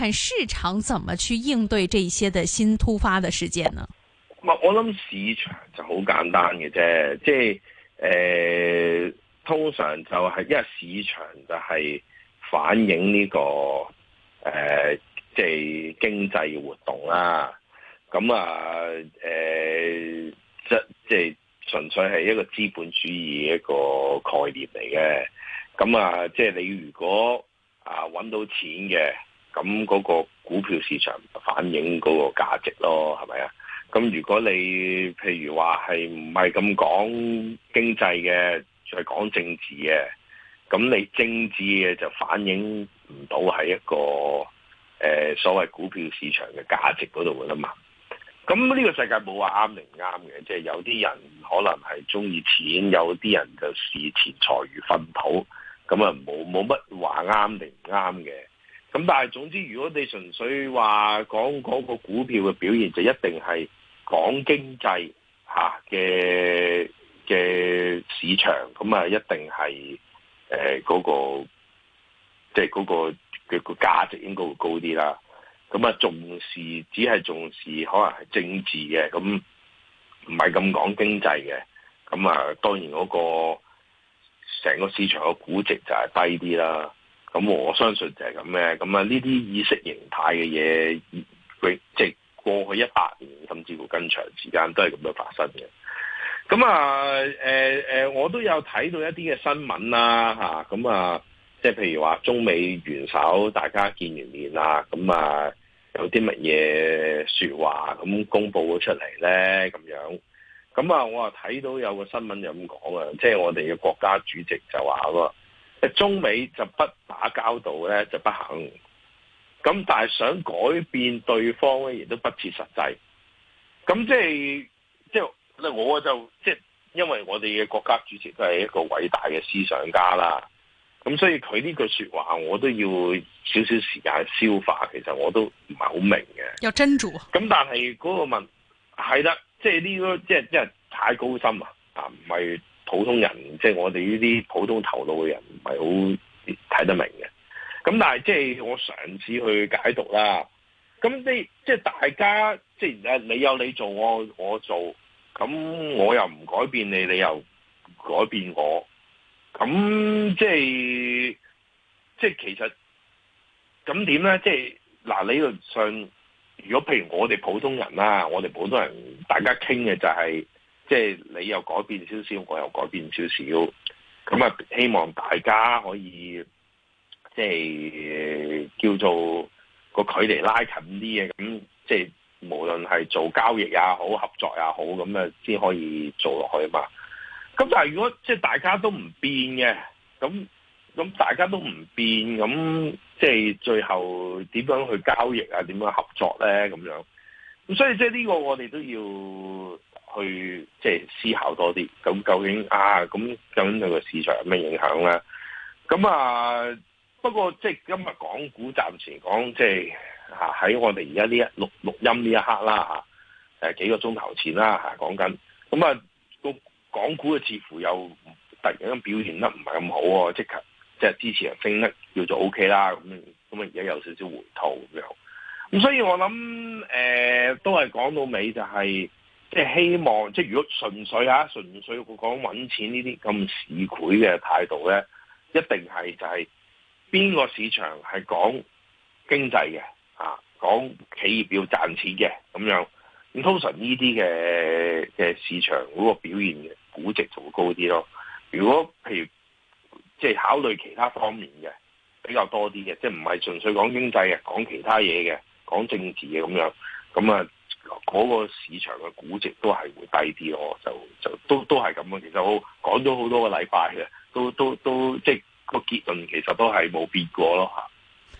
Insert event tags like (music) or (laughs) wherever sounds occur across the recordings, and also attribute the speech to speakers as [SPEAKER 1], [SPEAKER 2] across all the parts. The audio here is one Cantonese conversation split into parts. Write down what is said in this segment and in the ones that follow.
[SPEAKER 1] 看市場怎麼去應對這些的新突發的事件呢？
[SPEAKER 2] 我諗市場就好簡單嘅啫，即係、呃、通常就係、是、因為市場就係反映呢、這個誒、呃，即係經濟活動啦。咁啊，誒、嗯呃，即即係純粹係一個資本主義一個概念嚟嘅。咁、嗯、啊，即係你如果啊揾到錢嘅。咁嗰個股票市場反映嗰個價值咯，係咪啊？咁如果你譬如話係唔係咁講經濟嘅，再講政治嘅，咁你政治嘅就反映唔到喺一個誒、呃、所謂股票市場嘅價值嗰度噶啦嘛。咁呢個世界冇話啱定唔啱嘅，即係有啲人可能係中意錢，有啲人就視錢財如糞土，咁啊冇冇乜話啱定唔啱嘅。咁但係總之，如果你純粹話講嗰個股票嘅表現，就一定係講經濟吓嘅嘅市場，咁啊一定係誒嗰個即係嗰個嘅、嗰個價值應該會高啲啦。咁啊重視只係重視可能係政治嘅，咁唔係咁講經濟嘅，咁啊當然嗰個成個市場嘅估值就係低啲啦。咁我相信就係咁嘅，咁啊呢啲意識形態嘅嘢，即係過去一百年甚至乎更長時間都係咁樣發生嘅。咁啊、呃呃，我都有睇到一啲嘅新聞啦，嚇、啊，咁啊，即係譬如話中美元首大家見完面啊，咁啊有啲乜嘢說話咁公佈咗出嚟咧，咁樣。咁啊，我又睇到有個新聞就咁講啊，即係我哋嘅國家主席就話中美就不打交道咧，就不肯。咁但係想改變對方咧，亦都不切實際。咁即係即係，我就即係、就是，因為我哋嘅國家主席都係一個偉大嘅思想家啦。咁所以佢呢句說話，我都要少少時間消化。其實我都唔係好明嘅。有真主。咁但係嗰個問係啦，即係呢個即係即係太高深啊，但唔係。普通人即係、就是、我哋呢啲普通頭腦嘅人唔係好睇得明嘅，咁但係即係我嘗試去解讀啦。咁你即係、就是、大家即係、就是、你有你做，我我做，咁我又唔改變你，你又改變我，咁即係即係其實，咁點咧？即係嗱理論上，如果譬如我哋普通人啦，我哋普通人大家傾嘅就係、是。即係你又改變少少，我又改變少少，咁啊，希望大家可以即係、即係呃、叫做個距離拉近啲嘅，咁即係無論係做交易也好、合作也好，咁啊先可以做落去啊嘛。咁但係如果即係、即係、大家都唔變嘅，咁咁大家都唔變，咁即係最後點樣去交易啊？點樣合作咧？咁樣咁所以即係呢個我哋都要。去即係、就是、思考多啲，咁究竟啊，咁究竟對個市場有咩影響咧？咁啊，不過即係今日港股暫時講，即係吓喺我哋而家呢一錄錄音呢一刻啦吓，誒幾個鐘頭前啦吓講緊，咁啊個港股嘅似乎又突然間表現得唔係咁好，啊，即刻即係之前升得叫做 OK 啦，咁咁啊而家有少少回吐咁樣，咁所以我諗誒、呃、都係講到尾就係、是。即係希望，即、就、係、是、如果純粹嚇、啊、純粹講搵錢呢啲咁市儈嘅態度咧，一定係就係、是、邊個市場係講經濟嘅啊？講企業要賺錢嘅咁樣，咁通常呢啲嘅嘅市場嗰個表現嘅估值就會高啲咯。如果譬如即係、就是、考慮其他方面嘅比較多啲嘅，即係唔係純粹講經濟嘅，講其他嘢嘅，講政治嘅咁樣，咁啊～嗰個市場嘅估值都係會低啲咯，就，就都都係咁啊！其實我講咗好多個禮拜嘅，都都都即係、就是個結論，其實都係冇變過囉。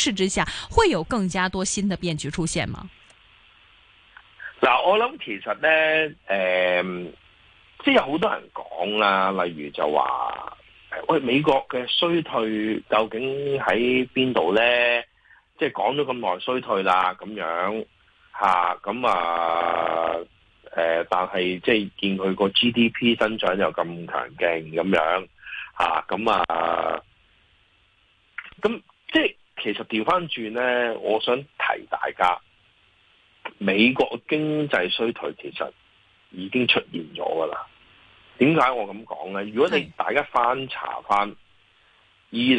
[SPEAKER 1] 試之下會有更加多新嘅變局出現嗎？
[SPEAKER 2] 嗱，我諗其實咧，誒、呃，即係有好多人講啦，例如就話，喂，美國嘅衰退究竟喺邊度咧？即係講咗咁耐衰退啦，咁樣吓，咁啊，誒、嗯啊呃，但係即係見佢個 GDP 增長又咁強勁，咁樣吓，咁啊，咁、嗯啊嗯、即係。其實調翻轉咧，我想提大家，美國經濟衰退其實已經出現咗噶啦。點解我咁講咧？如果你大家翻查翻二零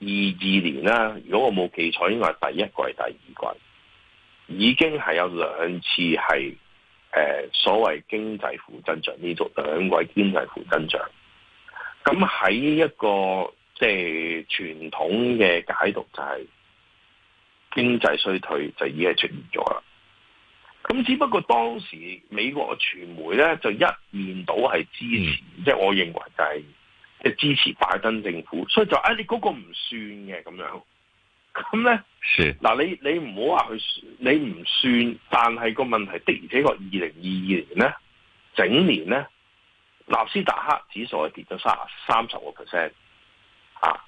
[SPEAKER 2] 二二年咧，如果我冇記錯，應該係第一季、第二季已經係有兩次係誒、呃、所謂經濟負增長呢度兩季經濟負增長。咁喺一個。即係傳統嘅解讀就係經濟衰退就已經係出現咗啦。咁只不過當時美國嘅傳媒咧就一面倒係支持，即係、嗯、我認為就係即係支持拜登政府，所以就誒、哎、你嗰個唔算嘅咁樣。咁咧，嗱，你你唔好話佢，你唔算，但係個問題的而且確二零二二年咧整年咧納斯達克指數係跌咗三三十個 percent。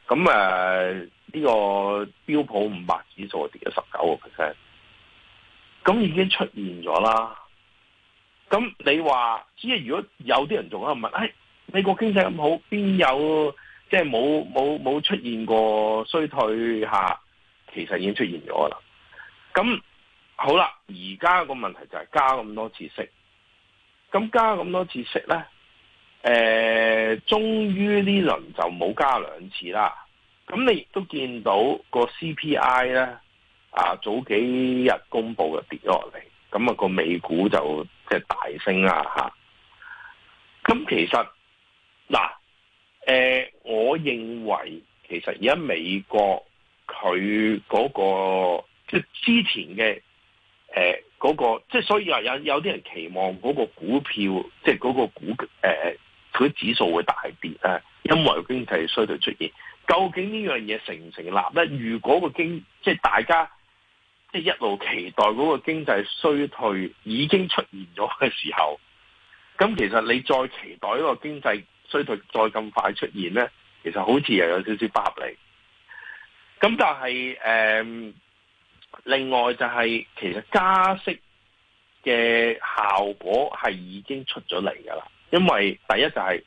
[SPEAKER 2] 咁誒呢個標普五百指數跌咗十九個 percent，咁已經出現咗啦。咁你話，即係如果有啲人仲喺度問，誒、哎、美國經濟咁好，邊有即係冇冇冇出現過衰退下？其實已經出現咗啦。咁好啦，而家個問題就係加咁多次息，咁加咁多次息咧？誒、呃，終於呢輪就冇加兩次啦。咁你亦都見到個 CPI 咧，啊早幾日公布就跌咗落嚟，咁、那、啊，個美股就即係大升啦吓。咁、啊、其實嗱，誒、啊呃，我認為其實而家美國佢嗰個即係之前嘅誒嗰個，即係、呃那個、所以話有有啲人期望嗰個股票，即係嗰個股誒。呃佢指數會大跌咧，因為經濟衰退出現。究竟呢樣嘢成唔成立咧？如果個經即係大家即係一路期待嗰個經濟衰退已經出現咗嘅時候，咁其實你再期待呢個經濟衰退再咁快出現咧，其實好似又有少少不合理。咁但係誒、嗯，另外就係、是、其實加息嘅效果係已經出咗嚟㗎喇。因為第一就係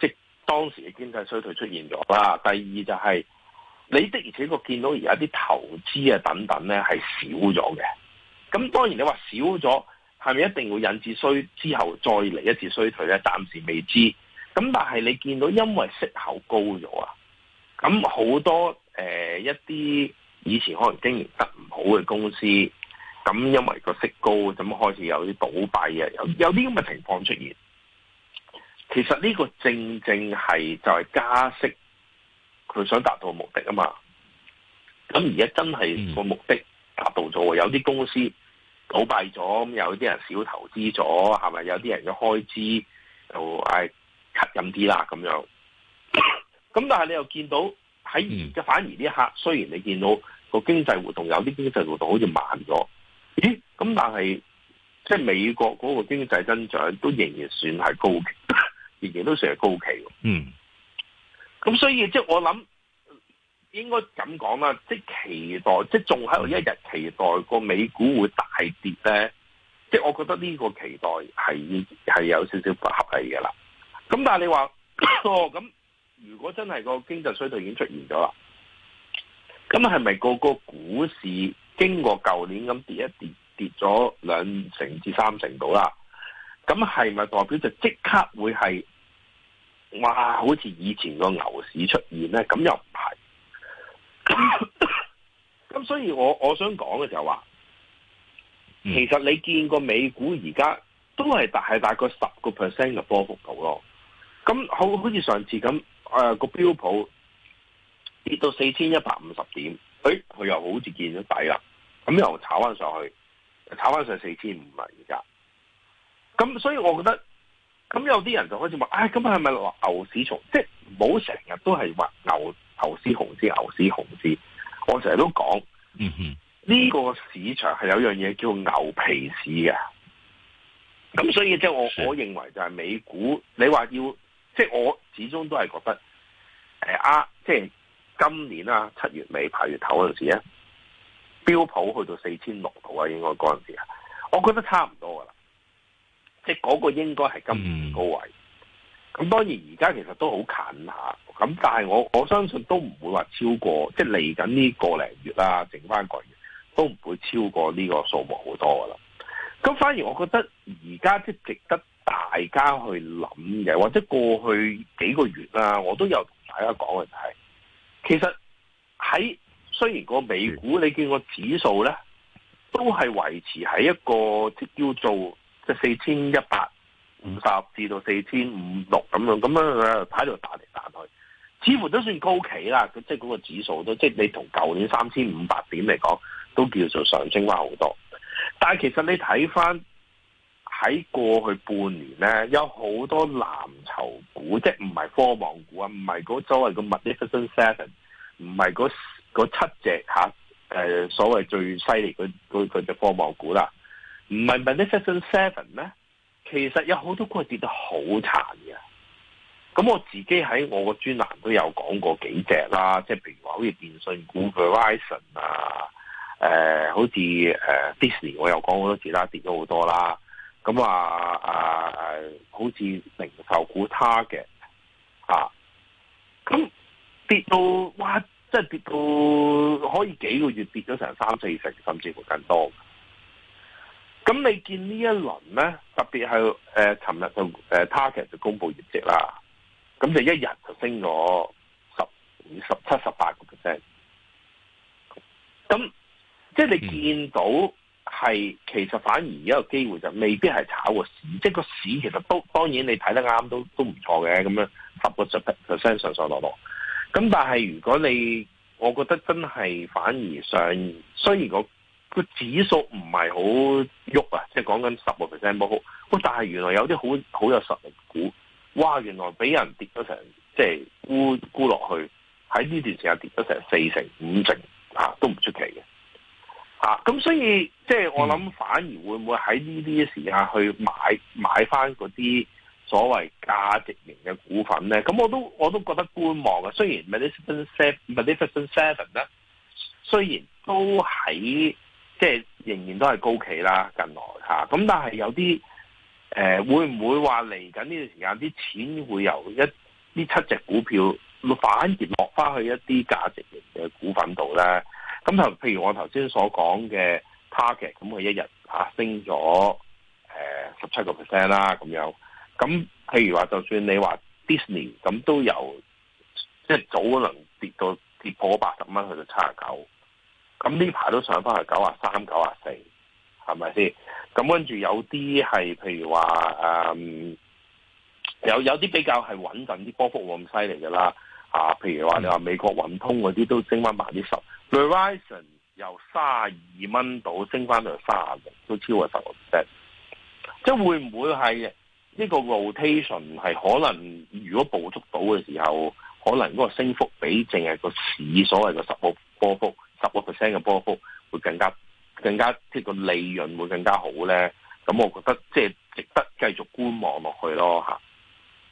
[SPEAKER 2] 即當時嘅經濟衰退出現咗啦，第二就係你的而且確見到而家啲投資啊等等咧，係少咗嘅。咁當然你話少咗係咪一定會引致衰之後再嚟一次衰退咧？暫時未知。咁但係你見到因為息口高咗啊，咁好多誒、呃、一啲以前可能經營得唔好嘅公司，咁因為個息高，咁開始有啲倒閉啊，有有啲咁嘅情況出現。其實呢個正正係就係、是、加息，佢想達到嘅目的啊嘛。咁而家真係個目的達到咗，有啲公司倒閉咗，咁有啲人少投資咗，係咪有啲人嘅開支就誒、哎、吸引啲啦咁樣。咁但係你又見到喺而家反而呢一刻，雖然你見到個經濟活動有啲經濟活動好似慢咗，咦？咁但係即係美國嗰個經濟增長都仍然算係高嘅。仍然都成日高企喎，嗯。咁所以即係我諗，應該咁講啦，即係期待，即係仲喺度一日期待個美股會大跌咧。即係我覺得呢個期待係係有少少不合理嘅啦。咁但係你話，哦，咁如果真係個經濟衰退已經出現咗啦，咁係咪個個股市經過舊年咁跌一跌跌咗兩成至三成度啦？咁係咪代表就即刻會係？哇！好似以前個牛市出現咧，咁又唔係。咁 (laughs) 所以我我想講嘅就係、是、話，其實你見過美股而家都係大係大概十個 percent 嘅波幅度咯。咁好好似上次咁，誒、呃、個標普跌到四千一百五十點，誒、哎、佢又好似見咗底啦，咁又炒翻上去，炒翻上四千五啦而家。咁所以我覺得。咁有啲人就開始話：唉、哎，咁係咪牛市？從即係唔好成日都係話牛牛市、熊市、牛市、熊市。我成日都講，呢、嗯、哼個市場係有樣嘢叫牛皮市嘅。咁所以即係我，我認為就係美股，你話要即係我，始終都係覺得，誒、呃、啊！即係今年啊，七月尾、八月頭嗰時啊，標普去到四千六度啊，應該嗰陣時啊，我覺得差唔多噶啦。即係嗰個應該係今年高位，咁當然而家其實都好近吓。咁但係我我相信都唔會話超過，即係嚟緊呢個零月啦，剩翻個月都唔會超過呢個數目好多噶啦。咁反而我覺得而家即係值得大家去諗嘅，或者過去幾個月啦，我都有同大家講嘅就係，其實喺雖然個美股你見個指數咧，都係維持喺一個即叫做。即係四千一百五十至到四千五六咁樣，咁樣喺度彈嚟彈去，似乎都算高企啦。即係嗰個指數都，即係你同舊年三千五百點嚟講，都叫做上升翻好多。但係其實你睇翻喺過去半年咧，有好多藍籌股，即係唔係科網股啊，唔係所謂嘅 Magnificent Seven，唔係嗰七隻吓，誒，所謂最犀利嗰嗰科網股啦。唔係唔係《The f a s o n Seven》咩？ (noise) 其實有好多股係跌得好慘嘅。咁我自己喺我個專欄都有講過幾隻啦，即係譬如話好似電信股 Verizon 啊、呃，誒好似誒 Disney，我又講好多次啦，跌咗好多啦。咁話誒誒，好似零售股，Target 啊，咁跌到哇，即係跌到可以幾個月跌咗成三四成，甚至乎更多。咁你見一輪，呢一輪咧，特別係誒，尋、呃、日就誒、呃、，target 就公布業績啦，咁就一日就升咗十十七、十八個 percent，咁即係你見到係，其實反而而家個機會就未必係炒個市，即、就、係、是、個市其實當當然你睇得啱都都唔錯嘅，咁樣十個十 percent 上上落落，咁但係如果你，我覺得真係反而上雖然我。個指數唔係好喐啊，即係講緊十個 percent 都好，咁但係原來有啲好好有實力的股，哇，原來俾人跌咗成，即係沽沽落去，喺呢段時間跌咗成四成五成，啊、都唔出奇嘅，咁、啊、所以即係、就是、我諗，反而會唔會喺呢啲時間去買買翻嗰啲所謂價值型嘅股份咧？咁我都我都覺得觀望啊，雖然 Magnificent Seven，Magnificent Seven 咧，雖然都喺。即係仍然都係高企啦，近來嚇。咁但係有啲誒、呃，會唔會話嚟緊呢段時間啲錢會由一呢七隻股票，反而落翻去一啲價值型嘅股份度咧？咁頭譬如我頭先所講嘅 target，咁佢一日嚇升咗誒十七個 percent 啦，咁樣。咁譬如話，就算你話 Disney，咁都由即係早可能跌到跌破八十蚊，去到七十九。咁呢排都上翻去九啊三、九啊四，係咪先？咁跟住有啲係，譬如話誒、嗯，有有啲比較係穩陣啲波幅冇咁犀利噶啦。啊，譬如話你話美國運通嗰啲都升翻百分之十，Verizon、嗯、由卅二蚊到升翻到卅六，都超過十個 percent。即係會唔會係呢、呢個 rotation 係可能？如果捕捉到嘅時候，可能嗰個升幅比淨係個市所謂個十個波，波幅。十個 percent 嘅波幅，會更加更加，即係個利潤會更加好咧。咁我覺得即係值得繼續觀望落去咯吓。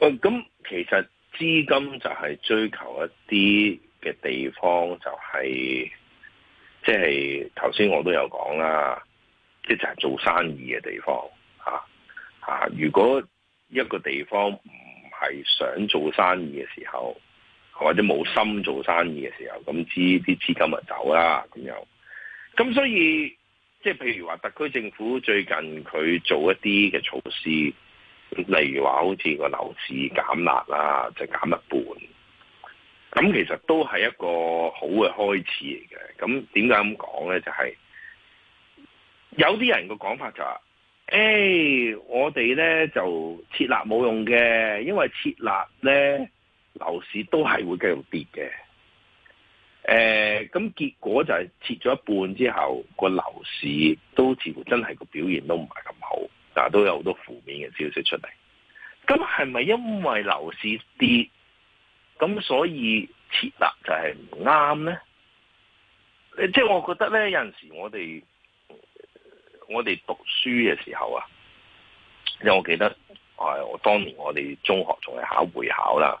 [SPEAKER 2] 咁其實資金就係追求一啲嘅地方，就係即係頭先我都有講啦，即就係做生意嘅地方吓吓。如果一個地方唔係想做生意嘅時候，或者冇心做生意嘅時候，咁資啲資金咪走啦咁樣。咁所以即係譬如話特區政府最近佢做一啲嘅措施。例如話好似個樓市減辣啊，就減、是、一半，咁其實都係一個好嘅開始嚟嘅。咁點解咁講呢？就係、是、有啲人嘅講法就話、是：，誒、欸，我哋呢就撤辣冇用嘅，因為撤辣呢，樓市都係會繼續跌嘅。誒、欸，咁結果就係撤咗一半之後，個樓市都似乎真係個表現都唔係咁好。嗱，都有好多負面嘅消息出嚟，咁係咪因為樓市跌，咁所以設立就係唔啱咧？即係我覺得咧，有陣時我哋我哋讀書嘅時候啊，因為我記得，誒，我當年我哋中學仲係考會考啦，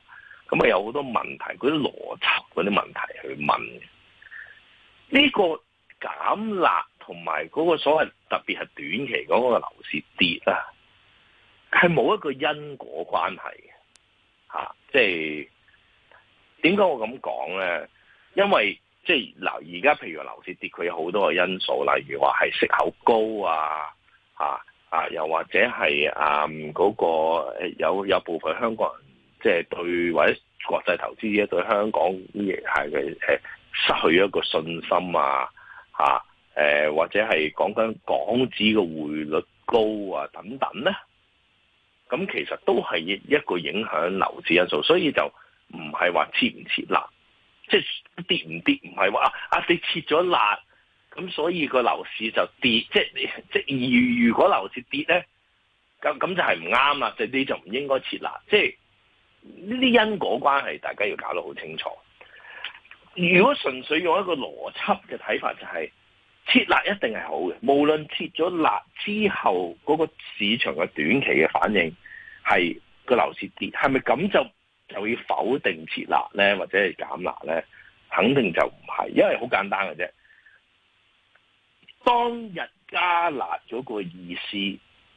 [SPEAKER 2] 咁啊有好多問題，嗰啲邏輯嗰啲問題去問，呢、呢個減立。同埋嗰個所謂特別係短期嗰個樓市跌啊，係冇一個因果關係嘅嚇。即係點解我咁講咧？因為即係嗱，而家譬如話樓市跌，佢有好多個因素，例如話係息口高啊，嚇啊，又或者係啊嗰個有有部分香港人即係對或者國際投資者對香港係嘅係失去一個信心啊，嚇。誒、呃，或者係講緊港紙嘅匯率高啊，等等咧，咁其實都係一個影響樓市因素，所以就唔係話切唔切辣，即、就、係、是、跌唔跌唔係話啊你、啊、切咗辣，咁所以個樓市就跌，即係即係如如果樓市跌咧，咁咁就係唔啱啦，就是、你就唔應該切辣，即係呢啲因果關係，大家要搞得好清楚。如果純粹用一個邏輯嘅睇法、就是，就係。撤辣一定係好嘅，無論撤咗辣之後嗰個市場嘅短期嘅反應係個樓市跌，係咪咁就就要否定撤辣咧，或者係減辣咧？肯定就唔係，因為好簡單嘅啫。當日加辣咗個意思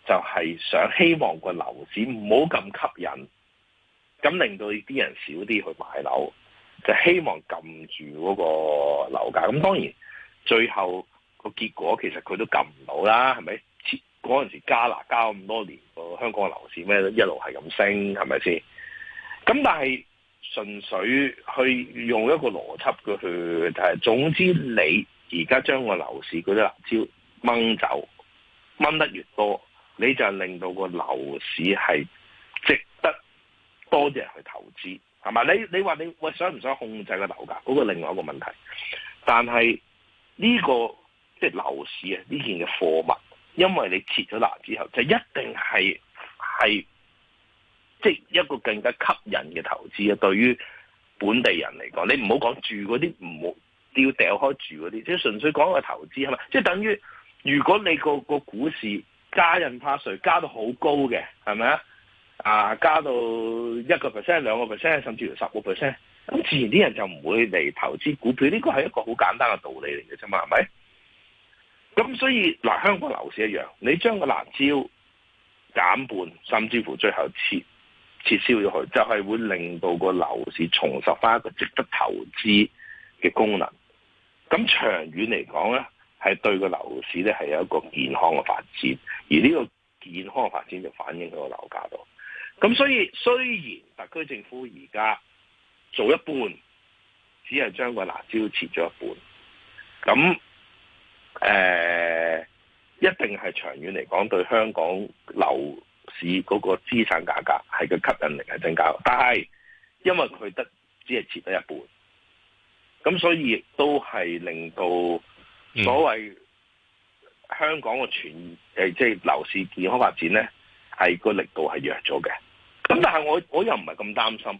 [SPEAKER 2] 就係想希望個樓市唔好咁吸引，咁令到啲人少啲去買樓，就希望撳住嗰個樓價。咁當然最後。個結果其實佢都撳唔到啦，係咪？嗰陣時加拿大咁多年個香港樓市咩，一路係咁升，係咪先？咁但係純粹去用一個邏輯去，但係總之你而家將個樓市嗰啲辣椒掹走，掹得越多，你就令到個樓市係值得多啲人去投資，係咪？你你話你我想唔想控制個樓價，嗰個另外一個問題，但係呢個。即係樓市啊，呢件嘅貨物，因為你切咗立之後，就一定係係即係一個更加吸引嘅投資啊！對於本地人嚟講，你唔好講住嗰啲，唔好要掉開住嗰啲，即係純粹講個投資係咪？即係等於如果你個個股市加印花稅加到好高嘅，係咪啊？啊，加到一個 percent、兩個 percent 甚至乎十個 percent，咁自然啲人就唔會嚟投資股票。呢個係一個好簡單嘅道理嚟嘅啫嘛，係咪？咁所以嗱，香港樓市一樣，你將個辣招減半，甚至乎最後撤撤銷咗佢，就係會令到個樓市重拾翻一個值得投資嘅功能。咁長遠嚟講咧，係對個樓市咧係有一個健康嘅發展，而呢個健康發展就反映喺個樓價度。咁所以雖然特區政府而家做一半，只係將個辣招切咗一半，咁。誒、呃，一定係長遠嚟講，對香港樓市嗰個資產價格係個吸引力係增加，但係因為佢得只係切得一半，咁所以亦都係令到所謂香港嘅全誒，即係樓市健康發展咧，係個力度係弱咗嘅。咁但係我我又唔係咁擔心，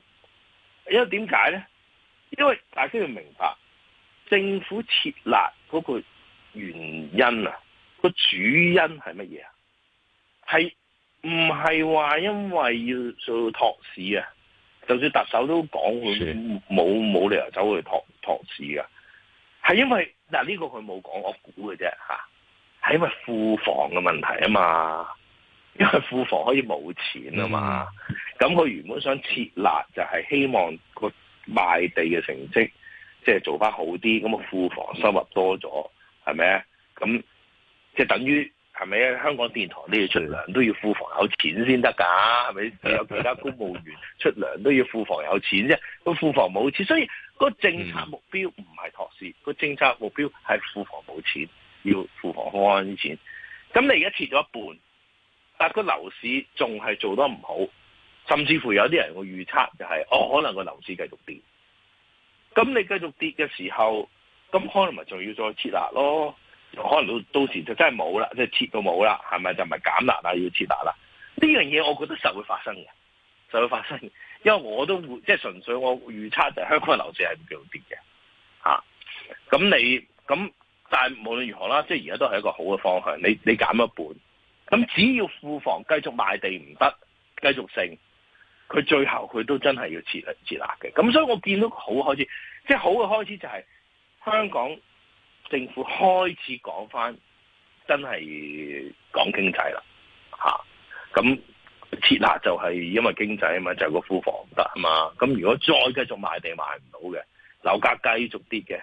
[SPEAKER 2] 因為點解咧？因為大家要明白，政府設立嗰個。原因啊，個主因係乜嘢啊？係唔係話因為要做托市啊？就算特首都講佢冇冇理由走去托托市噶，係因為嗱呢個佢冇講，我估嘅啫吓，係因為庫房嘅問題啊嘛，因為庫房可以冇錢啊嘛，咁佢原本想撤辣就係希望個賣地嘅成績即係做翻好啲，咁啊庫房收入多咗。係咪啊？咁即係等於係咪啊？香港電台糧都要出糧，都要庫房有錢先得噶，係咪？有其他公務員出糧都要庫房有錢啫。個庫房冇錢，所以個政策目標唔係托市，個政策目標係庫房冇錢，要庫房安錢。錢。咁你而家切咗一半，但個個樓市仲係做得唔好，甚至乎有啲人會預測就係、是，哦，可能個樓市繼續跌。咁你繼續跌嘅時候。咁可能咪仲要再撤辣咯？可能到到時就真係冇啦，即、就、係、是、撤到冇啦，係咪就唔係減辣啦？要撤辣啦？呢樣嘢我覺得就會發生嘅，就會發生。因為我都會即係純粹我預測就香港樓市係會跌嘅，吓、啊。咁你咁但係無論如何啦，即係而家都係一個好嘅方向。你你減一半，咁只要庫房繼續賣地唔得，繼續升，佢最後佢都真係要撤辣撤辣嘅。咁所以我見到好開始，即係好嘅開始就係、是。香港政府開始講返，真係講經濟啦，吓咁撤辣就係因為經濟啊嘛，就係、是、個庫房唔得嘛。咁如果再繼續賣地賣唔到嘅，樓價繼續跌嘅，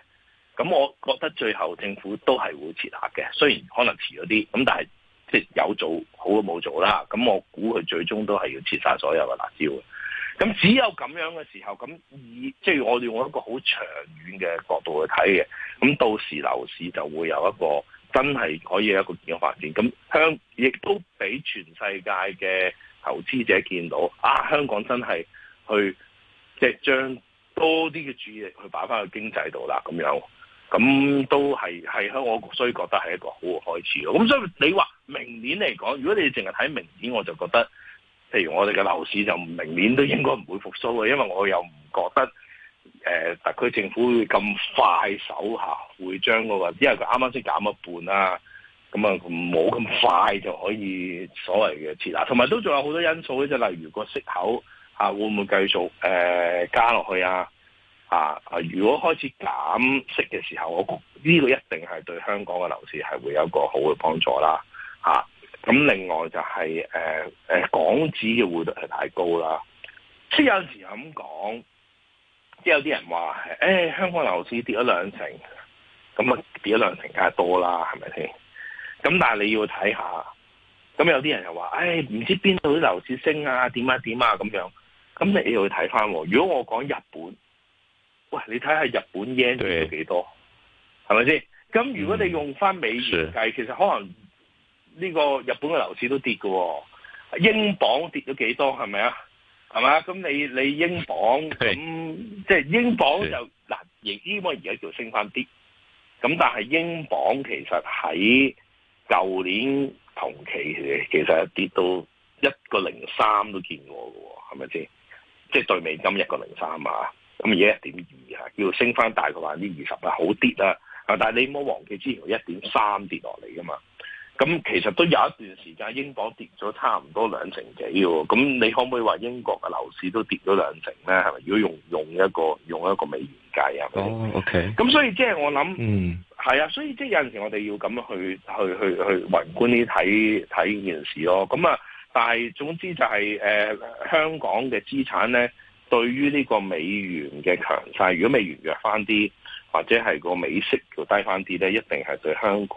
[SPEAKER 2] 咁我覺得最後政府都係會撤辣嘅，雖然可能遲咗啲，咁但係即係有做好都冇做啦。咁我估佢最終都係要撤曬所有嘅辣招。咁只有咁樣嘅時候，咁以即係、就是、我哋用一個好長遠嘅角度去睇嘅，咁到時樓市就會有一個真係可以有一個健康發展。咁香亦都俾全世界嘅投資者見到啊，香港真係去即係、就是、將多啲嘅注意力去擺翻去經濟度啦，咁樣咁都係係香港，所以覺得係一個好嘅開始咯。咁所以你話明年嚟講，如果你淨係睇明年，我就覺得。例如我哋嘅樓市就明年都應該唔會復甦咯，因為我又唔覺得誒、呃、特區政府會咁快手嚇、啊，會將、嗰個話，因為佢啱啱先減一半啦、啊，咁啊冇咁快就可以所謂嘅撤辣，同埋都仲有好多因素咧，就例如個息口嚇、啊、會唔會繼續誒、呃、加落去啊？啊，如果開始減息嘅時候，我估呢個一定係對香港嘅樓市係會有一個好嘅幫助啦，嚇、啊。咁另外就係、是、誒、呃、港紙嘅匯率係太高啦，即有陣時咁講，即有啲人話係、哎、香港樓市跌咗兩成，咁啊跌咗兩成梗係多啦，係咪先？咁但係你要睇下，咁有啲人又話，誒，唔知邊度啲樓市升啊點啊點啊咁樣，咁你又要睇翻。如果我講日本，喂，你睇下日本嘢跌幾多，係咪先？咁如果你用翻美元計，是其實可能。呢個日本嘅樓市都跌嘅、哦，英鎊跌咗幾多係咪啊？係嘛？咁你你英鎊咁 (laughs) 即係英鎊就嗱， (laughs) 現在英鎊而家叫升翻啲。咁但係英鎊其實喺舊年同期其實一跌到一個零三都見過嘅，係咪先？即、就、係、係、對美金一個零三啊，咁而家一點二啊，叫升翻大概百分之二十啊，好跌啦、啊。啊，但係你唔好忘記之前一點三跌落嚟嘅嘛。咁其實都有一段時間，英鎊跌咗差唔多兩成幾喎。咁你可唔可以話英國嘅樓市都跌咗兩成咧？係咪？如果用用一個用一個美元計啊？哦，OK。咁所以即係我諗，嗯，係啊。所以即係有陣時我哋要咁樣去去去去,去宏觀啲睇睇件事咯。咁啊，但係總之就係，誒香港嘅資產咧，對於呢個美元嘅強勢，如果美元弱翻啲，或者係個美息要低翻啲咧，一定係對香港。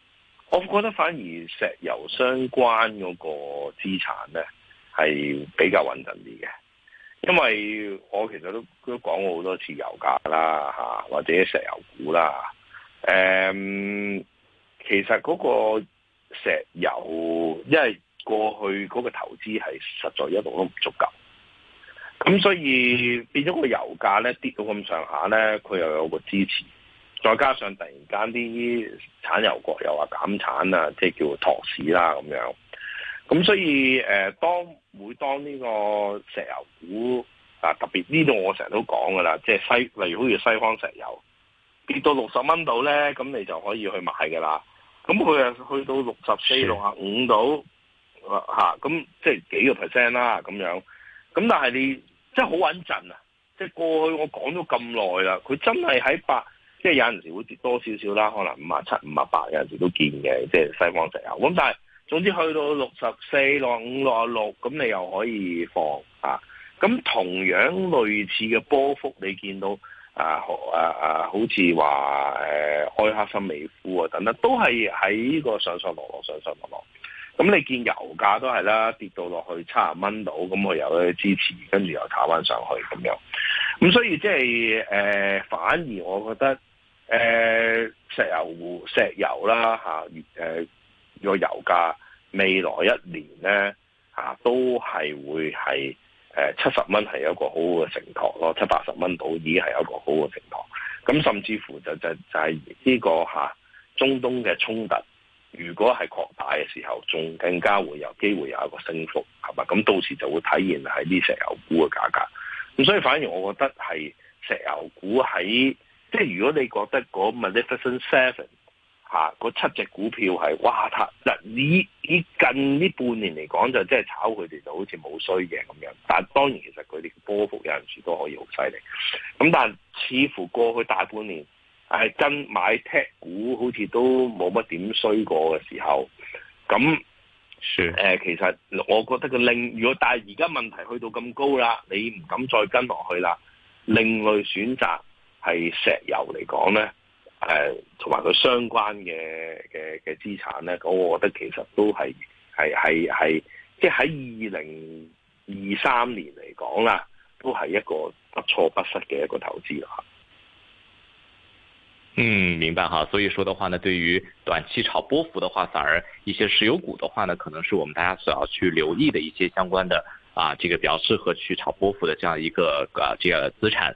[SPEAKER 2] 我覺得反而石油相關嗰個資產咧係比較穩陣啲嘅，因為我其實都都講過好多次油價啦嚇，或者石油股啦，誒、嗯，其實嗰個石油，因為過去嗰個投資係實在一路都唔足夠，咁所以變咗個油價咧跌到咁上下咧，佢又有個支持。再加上突然間啲產油國又話減產啊，即係叫託市啦咁樣。咁所以誒，當每當呢個石油股啊，特別呢度我成日都講噶啦，即係西例如好似西方石油跌到六十蚊度咧，咁你就可以去買噶啦。咁佢又去到六十四、六十五度咁，即係幾個 percent 啦咁樣。咁但係你即係好穩陣啊！即係過去我講咗咁耐啦，佢真係喺百。即係有陣時會跌多少少啦，可能五啊七、五啊八有陣時都見嘅，即係西方石油。咁但係總之去到六十四、六五六啊六，咁你又可以放啊。咁同樣類似嘅波幅，你見到啊，啊好似話誒埃克森美孚啊等等，都係喺個上上落落、上上落落。咁你見油價都係啦，跌到落去七啊蚊度，咁我又去支持，跟住又爬翻上去咁樣。咁所以即係、呃、反而我覺得。誒、呃，石油石油啦吓，誒、啊、個、呃、油價未來一年咧吓、啊，都係會係誒七十蚊係有一個好嘅承托咯，七八十蚊到已經係有一個好嘅承托。咁甚至乎就就就係呢、就是這個吓、啊、中東嘅衝突，如果係擴大嘅時候，仲更加會有機會有一個升幅，係嘛？咁到時就會體現喺啲石油股嘅價格。咁所以反而我覺得係石油股喺。即係如果你覺得嗰 Magnificent Seven 嚇、啊、七隻股票係哇，它嗱以以近呢半年嚟講，就真係炒佢哋就好似冇衰嘅咁樣。但係當然其實佢哋波幅有陣時都可以好犀利。咁但係似乎過去大半年係、啊、跟買 tech 股，好似都冇乜點衰過嘅時候。咁誒是、呃，其實我覺得佢另如果但係而家問題去到咁高啦，你唔敢再跟落去啦。另類選擇。係石油嚟講咧，誒、啊，同埋佢相關嘅嘅嘅資產咧，咁我覺得其實都係係係係，即係喺二零二三年嚟講啦，都係一個不錯不失嘅一個投資啊。
[SPEAKER 3] 嗯，明白哈。所以說的話呢，對於短期炒波幅的話，反而一些石油股的話呢，可能是我們大家所要去留意的一些相關的啊，這個比較適合去炒波幅的這樣一個個、啊、這個資產。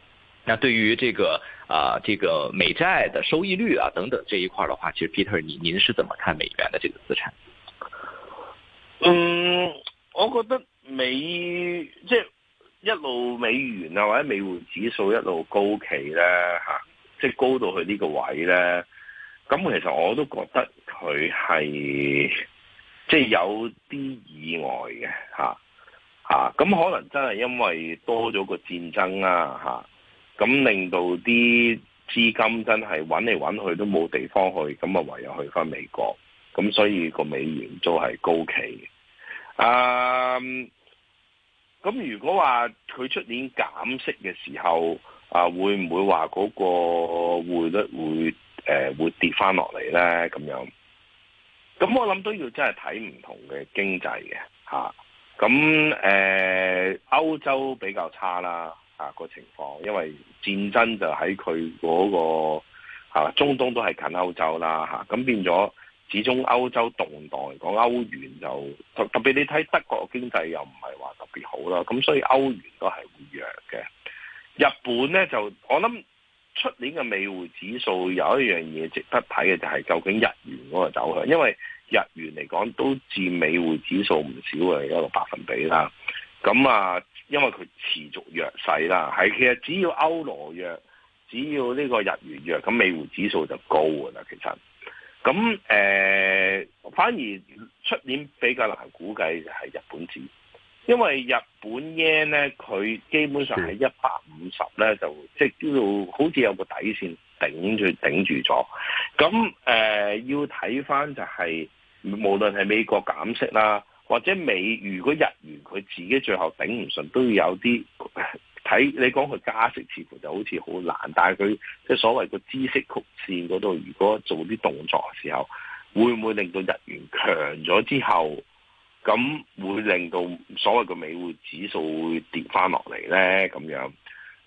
[SPEAKER 3] 那對於這個啊、呃，這個美債的收益率啊等等這一塊的話，其實 Peter，你您是怎麼看美元的這個資產？嗯，
[SPEAKER 2] 我覺得美即係、就是、一路美元啊或者美匯指數一路高企咧吓，即、啊、係、就是、高到去呢個位咧，咁其實我都覺得佢係即係有啲意外嘅吓吓，咁、啊啊、可能真係因為多咗個戰爭啦、啊、吓。啊咁令到啲資金真係揾嚟揾去都冇地方去，咁啊唯有去翻美國，咁所以個美元都係高企嘅。咁、uh, 如果話佢出年減息嘅時候，啊會唔會話嗰個匯率會、呃、會跌翻落嚟咧？咁樣，咁我諗都要真係睇唔同嘅經濟嘅嚇。咁、啊呃、歐洲比較差啦。啊個情況，因為戰爭就喺佢嗰個啊中東都係近歐洲啦，吓、啊、咁變咗始終歐洲動盪嚟講，歐元就特特別你睇德國嘅經濟又唔係話特別好啦，咁所以歐元都係會弱嘅。日本咧就我諗出年嘅美匯指數有一樣嘢值得睇嘅就係、是、究竟日元嗰個走向，因為日元嚟講都佔美匯指數唔少嘅個百分比啦，咁啊。因為佢持續弱勢啦，係其實只要歐羅弱，只要呢個日元弱，咁美匯指數就高噶啦。其實，咁誒、呃、反而出年比較難估計就係日本指，因為日本 yen 咧，佢基本上係一百五十咧，就即係叫做好似有個底線頂住頂住咗。咁誒、呃、要睇返就係、是、無論係美國減息啦。或者美，如果日元佢自己最後頂唔順，都要有啲睇。你講佢加息，似乎就好似好難，但係佢即係所謂個孳息曲線嗰度，如果做啲動作嘅時候，會唔會令到日元強咗之後，咁會令到所謂嘅美匯指數會跌翻落嚟咧？咁樣，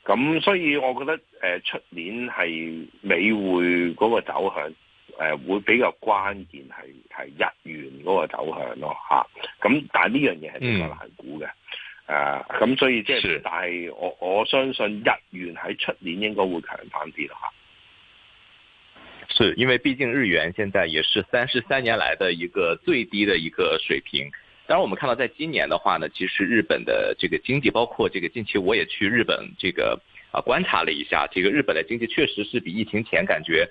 [SPEAKER 2] 咁，所以我覺得誒出年係美匯嗰個走向。誒，會比較關鍵係係日元嗰個走向咯，吓、啊，咁但係呢樣嘢係比較難估嘅，誒、嗯，咁、啊嗯、所以即、就、係、是，是但係我我相信日元喺出年應該會強翻啲啦，吓。
[SPEAKER 3] 是，因為畢竟日元現在也是三十三年來的一個最低的一個水平。當然，我們看到在今年的話呢，其實日本的這個經濟，包括這個近期我也去日本這個啊觀察了一下，這個日本的經濟確實是比疫情前感覺。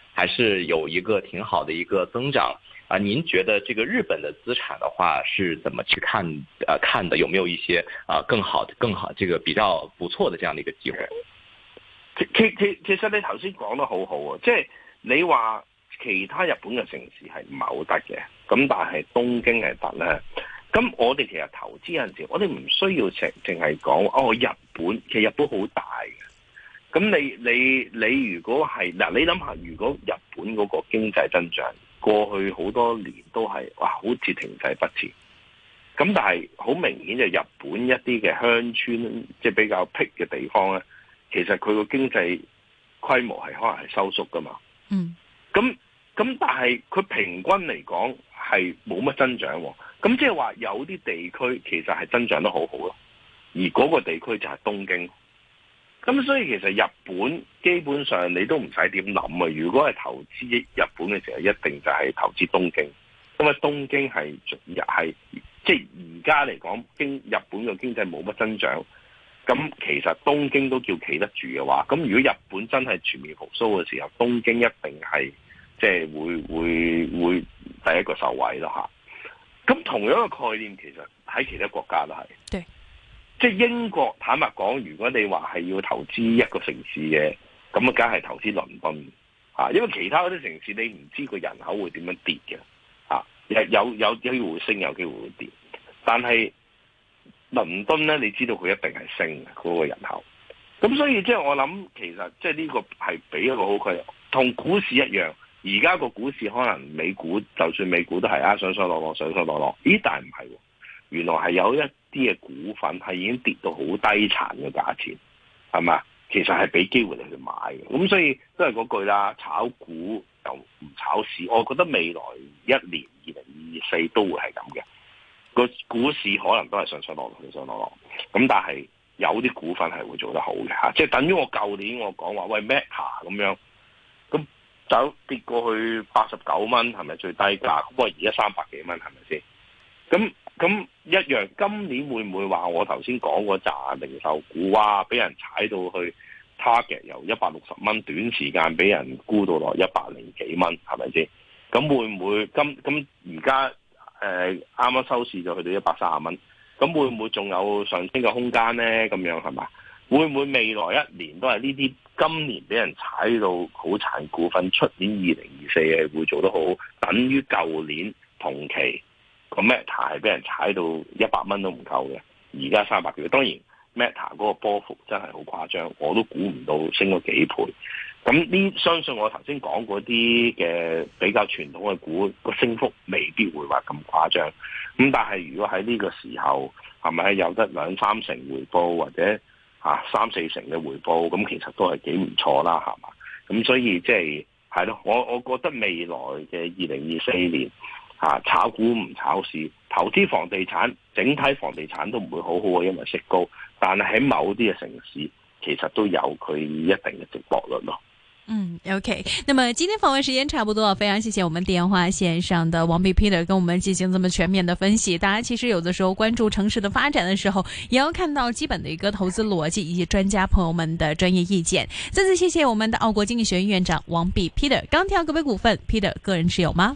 [SPEAKER 3] 還是有一個挺好的一個增長啊！您覺得這個日本的資產的話，是怎麼去看？呃，看的有沒有一些啊、呃、更好、更好這個比較不錯的這樣的一個機會？其其
[SPEAKER 2] 其實你頭先講得好好啊，即係你話其他日本嘅城市係唔係好得嘅，咁但係東京係得咧。咁我哋其實投資陣時，我哋唔需要淨淨係講哦日本，其實日本好大嘅。咁你你你如果係嗱，你諗下，如果日本嗰個經濟增長過去好多年都係哇，好似停滯不前。咁但係好明顯就日本一啲嘅鄉村，即係比較僻嘅地方咧，其實佢個經濟規模係可能係收縮噶嘛。嗯。咁咁，但係佢平均嚟講係冇乜增長。咁即係話有啲地區其實係增長得好好咯，而嗰個地區就係東京。咁所以其實日本基本上你都唔使點諗啊！如果係投資日本嘅時候，一定就係投資東京。咁啊，東京係即係而家嚟講，經、就是、日本嘅經濟冇乜增長，咁其實東京都叫企得住嘅話，咁如果日本真係全面復蘇嘅時候，東京一定係即係會會會第一個受惠咯吓。咁同樣嘅概念其實喺其他國家都係。即係英國，坦白講，如果你話係要投資一個城市嘅，咁啊，梗係投資倫敦吓，因為其他嗰啲城市你唔知佢人口會點樣跌嘅吓、啊，有有有機會升，有機會會跌，但係倫敦咧，你知道佢一定係升嗰、嗰個人口。咁所以即係我諗，其實即係呢個係俾一個好嘅，同股市一樣。而家個股市可能美股就算美股都係啊上上落落上上落落，咦？但係唔係。原來係有一啲嘅股份係已經跌到好低殘嘅價錢，係嘛？其實係俾機會你去買嘅，咁所以都係嗰句啦，炒股又唔炒市。我覺得未來一年二零二四都會係咁嘅，個股市可能都係上上落落上上落落。咁但係有啲股份係會做得好嘅嚇，即係等於我舊年我講話喂 Meta 咁樣，咁走跌過去八十九蚊係咪最低價？現在300是不過而家三百幾蚊係咪先？咁咁一樣，今年會唔會話我頭先講嗰紮零售股啊，俾人踩到去 target 由一百六十蚊短時間俾人沽到落一百零幾蚊，係咪先？咁會唔會今咁而家誒啱啱收市就去到一百三十蚊？咁會唔會仲有上升嘅空間咧？咁樣係嘛？會唔會未來一年都係呢啲？今年俾人踩到好殘股份，出年二零二四係會做得好，等於舊年同期。個 Meta 係俾人踩到一百蚊都唔夠嘅，而家三百幾。當然 Meta 嗰個波幅真係好誇張，我都估唔到升咗幾倍。咁呢？相信我頭先講嗰啲嘅比較傳統嘅股，個升幅未必會話咁誇張。咁但係如果喺呢個時候係咪有得兩三成回報或者啊三四成嘅回報？咁其實都係幾唔錯啦，係嘛？咁所以即係係咯，我我覺得未來嘅二零二四年。啊！炒股唔炒市，投資房地產，整體房地產都唔會好好啊，因為息高。但係喺某啲嘅城市，其實都有佢一定嘅值博率
[SPEAKER 1] 咯。嗯，OK。那麼今天訪問時間差不多，非常謝謝我們電話線上的王弼 Peter 跟我們進行咁樣全面的分析。大家其實有的時候關注城市的發展的時候，也要看到基本的一個投資邏輯以及專家朋友們的專業意見。再次謝謝我們的奧國經濟學院院長王弼 Peter。剛跳個別股份，Peter 個人持有嗎？